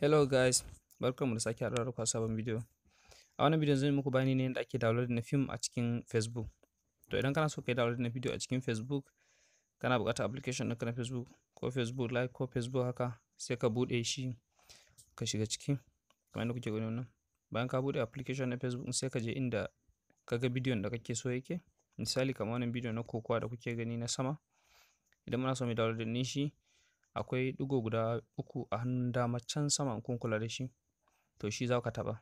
Hello guys, welcome da sake haɗuwa da kwa sabon bidiyo. A wannan bidiyon zan yi muku bayani ne yadda ake download na film a cikin Facebook. To idan kana so ka yi download na bidiyo a cikin Facebook, kana buƙatar application ɗinka na Facebook ko Facebook Live ko Facebook haka sai ka buɗe shi ka shiga ciki kamar yadda kuke gani wannan. bayan ka bude application na facebook sai ka je inda kaga ga bidiyon da kake so yake misali kamar wannan bidiyo na kokowa da kuke gani na sama idan muna so mu download da shi akwai ɗigo guda uku a hannun dama can sama in kun kula da shi to shi za ka taba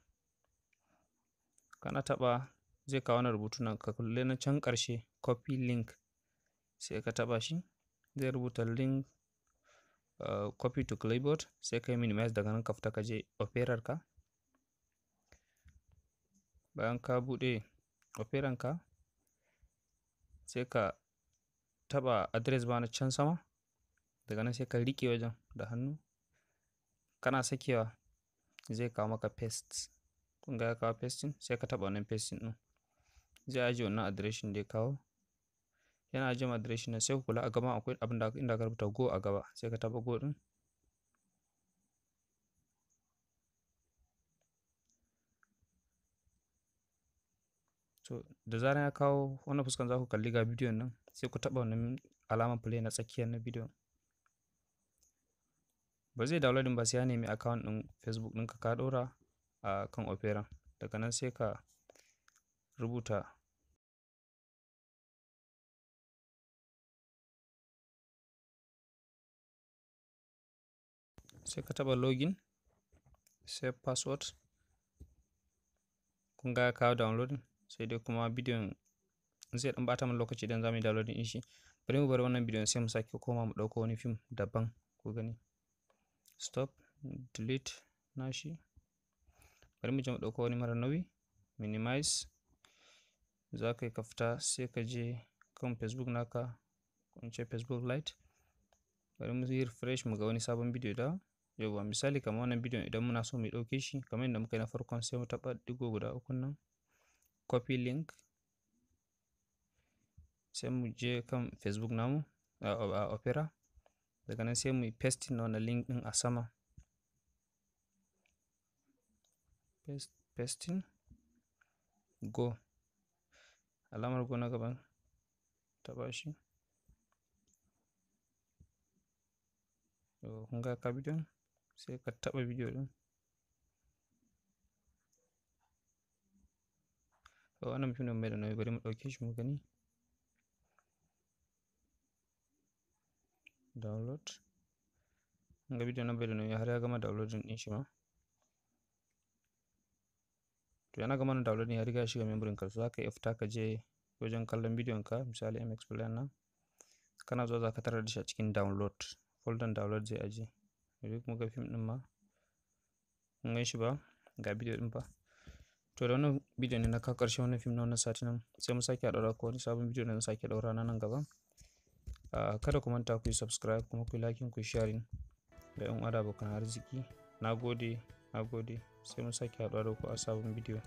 kana taba zai kawo na rubutu nan ka kulle na can karshe copy link sai ka taba shi zai rubuta link uh, copy to clipboard sai ka yi minimize daga nan ka fita ka je operar ka bayan ka buɗe oferan ka sai ka taɓa adres ba na can sama daga nan sai ka riƙe wajen da hannu kana sakewa zai kawo maka paste kun ga ya kawo sai ka taɓa wannan pasting ɗin zai ajiye wannan adireshin da ya kawo yana jin adireshin nan sai ku kula a gaban akwai abin da inda ka rubuta go a gaba sai ka taɓa go ɗin so da zaran ya kawo wannan fuskan za ku kalli ga bidiyon nan sai ku taɓa wannan alamar play na tsakiyar na bidiyon ba zai downloading ba sai ya nemi account ɗin facebook ɗinka ka ɗora a kan opera daga nan sai ka rubuta sai ka taɓa login save password kun ga ya kawo downloading sai dai kuma bidiyon zai dan bata mana lokaci idan zamu yi downloading shi bari mu bar wannan bidiyon sai mu sake koma mu dauko wani fim daban ku gani stop delete nashi bari mu je mu dauko wani mara nauyi minimize za ka yi ka fita sai ka je kan facebook naka in ce facebook lite bari mu yi refresh mu ga wani sabon bidiyo da yauwa misali kamar wannan bidiyon idan muna so mu dauke shi kamar yadda muka yi na farkon sai mu taɓa ɗigo guda uku nan copy link sai mu je kan facebook namu a opera daga nan sai mu paste na wani link din a sama pasting go alamar go na gaban taba shi kun ga ka bidiyon sai ka taba bidiyo din to wannan mutumin mai da nauyi bari mu ɗauke shi mu gani download ga bidiyon nan bai da nauyi har ya gama downloading ɗin shi ma to yana gama na downloading ya riga ya shiga memory ka za ka iya fita ka je wajen kallon bidiyon ka misali mx player nan kana zuwa za ka tarar da shi a cikin download folder download zai aje yanzu kuma ga fim ɗin ma kun gan shi ba ga bidiyo ɗin ba to da wannan bidiyo ne na ka ƙarshe wani fim na wannan sati nan sai mu sake haɗura ko wani sabon bidiyo da na sake ɗaura na nan gaba ah, kada ku manta ku yi subscribe kuma ku yi like ku yi sharing da yan uwa bakan abokan arziki na gode na gode sai mu sake haɗura da a sabon bidiyo